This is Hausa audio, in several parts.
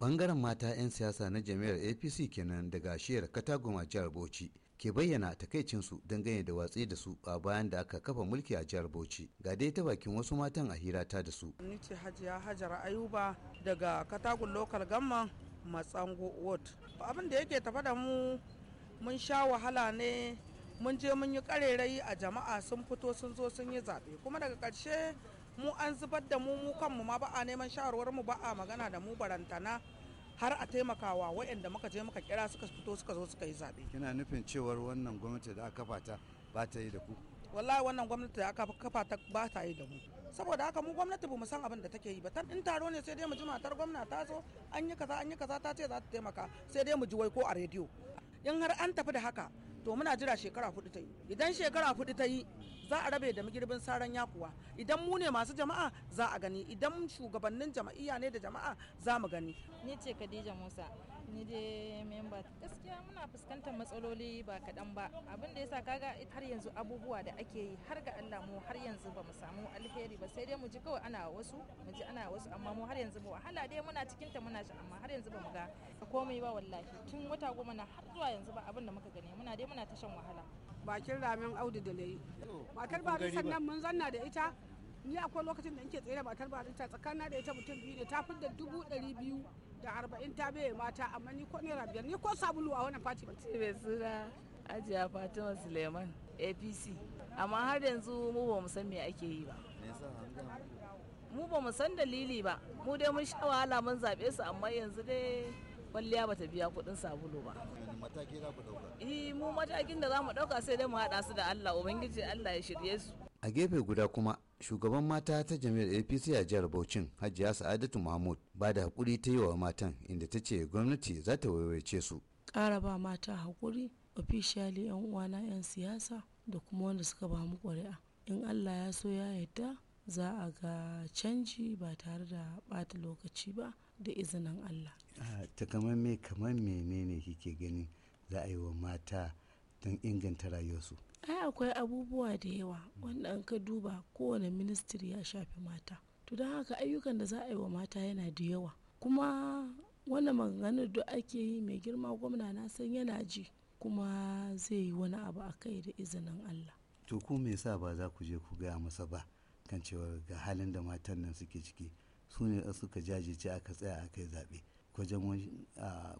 bangaren mata 'yan siyasa na jami'ar apc kenan daga shiyar a jihar bauchi ke bayyana takaicinsu dangane da watsi da su a bayan da aka kafa mulki a jihar bauchi ga dai ta bakin wasu matan a hira ta da su ni ce hajiya hajar ayuba daga katagun local gamman matsango ward abin da yake tafa da mu mun sha wahala ne mun je mun yi karerai a jama'a sun fito sun zo sun yi zaɓe kuma daga ƙarshe mu an zubar da mu mu kanmu ma ba a neman shawarwar mu ba a magana da mu barantana har a taimakawa waɗanda muka je muka kira suka fito suka zo suka yi zaɓe. kina nufin cewar wannan gwamnati da aka fata ba ta yi da ku wallahi wannan gwamnati da aka kafa ta ba ta yi da mu saboda haka mu gwamnati ba mu san abin da take yi ba tan in taro ne sai dai mu ji matar gwamna ta zo an yi kaza an yi kaza ta ce za ta taimaka sai dai mu ji wai ko a rediyo in har an tafi da haka to muna jira shekara hudu ta yi idan shekara hudu ta yi za a rabe da magirbin saran yakuwa idan mu ne masu jama'a za a gani idan shugabannin jama'iyya ne da jama'a za mu gani ni ce Khadija Musa ni dai memba gaskiya muna fuskantar matsaloli ba kaɗan ba abin da yasa kaga har yanzu abubuwa da ake yi har ga Allah mu har yanzu ba mu samu alheri ba sai dai mu ji kawai ana wasu mu ji ana wasu amma mu har yanzu ba wahala dai muna cikin ta muna shi amma har yanzu ba mu ga komai ba wallahi tun wata goma na har zuwa yanzu ba abin da muka gani muna dai muna ta wahala bakin ramin audu da layi matar barisan nan mun zanna da ita ni akwai lokacin da nke tsaye da matar barista tsakana da ita mutum biyu ne ta fi da dubu ɗari biyu da arba'in ta bai mata amma ni ko naira biyar ni ko sabulu a wannan fati ban bai suna ajiya fatima suleiman apc amma har yanzu mu ba mu san me ake yi ba mu ba mu san dalili ba mu dai mun sha wahala mun zaɓe su amma yanzu dai kwalliya bata biya kuɗin sabulu ba. mataki za eh, mu matakin da za mu ɗauka sai dai mu haɗa su da Allah Ubangiji Allah ya shirye su. A gefe guda kuma shugaban mata ta jami'ar APC a jihar Bauchin Hajiya Sa'adatu Mahmud ba da hakuri ta yi wa matan inda ta ce gwamnati za ta waiwaice su. Ƙara ba mata hakuri ofishiyali 'yan uwana 'yan siyasa da kuma wanda suka ba mu ƙuri'a. In Allah ya so ya yadda. za a ga canji ba tare da ɓata lokaci ba da izinin Allah. Ta kamar menene kike gani za a yi wa mata don inganta rayuwarsu? ai akwai abubuwa da yawa wanda an ka duba kowane ministry ya shafi mata to don haka ayyukan da za a yi wa mata yana da yawa kuma wannan maganganun da ake yi mai girma gwamna na san yana ji kuma zai yi wani abu a kai da izinin Allah. to ko me sa ba za ku je ku gaya masa ba kan cewar ga halin da matan nan suke ciki su ne suka jajirce aka tsaya aka yi zaɓe wajen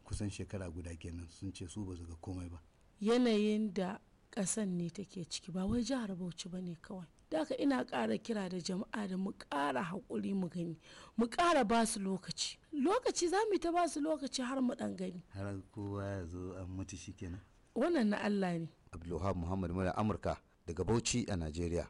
kusan shekara guda kenan sun ce su ba su ga komai ba yanayin da ƙasan ne take ciki ba wai jihar bauchi ba ne kawai da ina kara kira da jama'a da mu kara haƙuri mu gani mu kara ba su lokaci lokaci za mu ta ba su lokaci har mu ɗan gani har kowa ya zo an mutu kenan. wannan na Allah ne Abdulwahab Muhammad Mura Amurka daga Bauchi a Najeriya